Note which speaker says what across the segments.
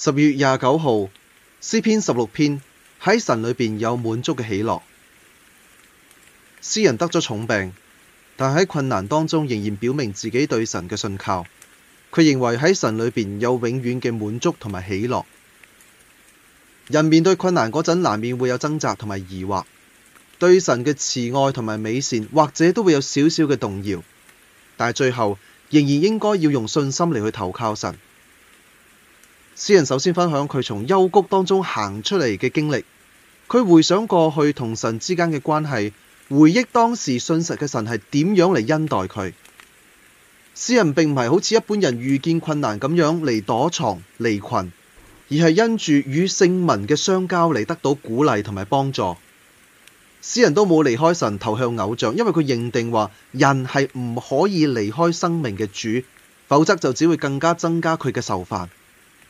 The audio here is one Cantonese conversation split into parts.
Speaker 1: 十月廿九號，詩篇十六篇，喺神裡面有滿足嘅喜樂。詩人得咗重病，但喺困難當中仍然表明自己對神嘅信靠。佢認為喺神裡面有永遠嘅滿足同埋喜樂。人面對困難嗰陣，難免會有掙扎同埋疑惑，對神嘅慈愛同埋美善，或者都會有少少嘅動搖。但係最後，仍然應該要用信心嚟去投靠神。詩人首先分享佢從幽谷當中行出嚟嘅經歷，佢回想過去同神之間嘅關係，回憶當時信實嘅神係點樣嚟恩待佢。詩人並唔係好似一般人遇見困難咁樣嚟躲藏離群，而係因住與聖民嘅相交嚟得到鼓勵同埋幫助。詩人都冇離開神投向偶像，因為佢認定話人係唔可以離開生命嘅主，否則就只會更加增加佢嘅愁煩。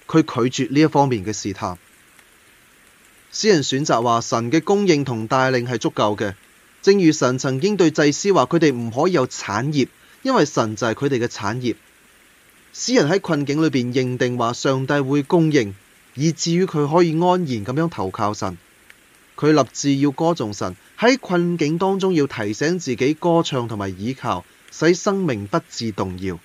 Speaker 1: 佢拒絕呢一方面嘅試探，詩人選擇話神嘅供應同帶領係足夠嘅，正如神曾經對祭司話佢哋唔可以有產業，因為神就係佢哋嘅產業。詩人喺困境裏邊認定話上帝會供應，以至於佢可以安然咁樣投靠神，佢立志要歌頌神，喺困境當中要提醒自己歌唱同埋倚靠，使生命不至動搖。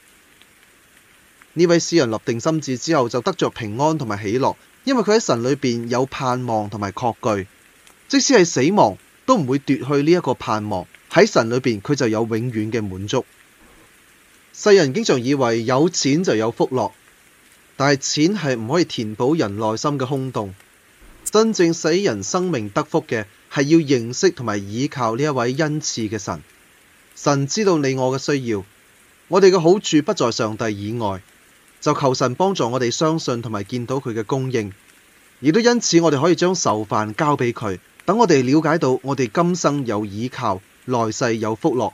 Speaker 1: 呢位詩人立定心志之後，就得着平安同埋喜樂，因為佢喺神裏邊有盼望同埋確據，即使係死亡都唔會奪去呢一個盼望。喺神裏邊，佢就有永遠嘅滿足。世人經常以為有錢就有福樂，但係錢係唔可以填補人內心嘅空洞。真正使人生命得福嘅，係要認識同埋倚靠呢一位恩賜嘅神。神知道你我嘅需要，我哋嘅好處不在上帝以外。就求神幫助我哋相信同埋見到佢嘅供應，亦都因此我哋可以將愁煩交俾佢，等我哋了解到我哋今生有倚靠，來世有福樂。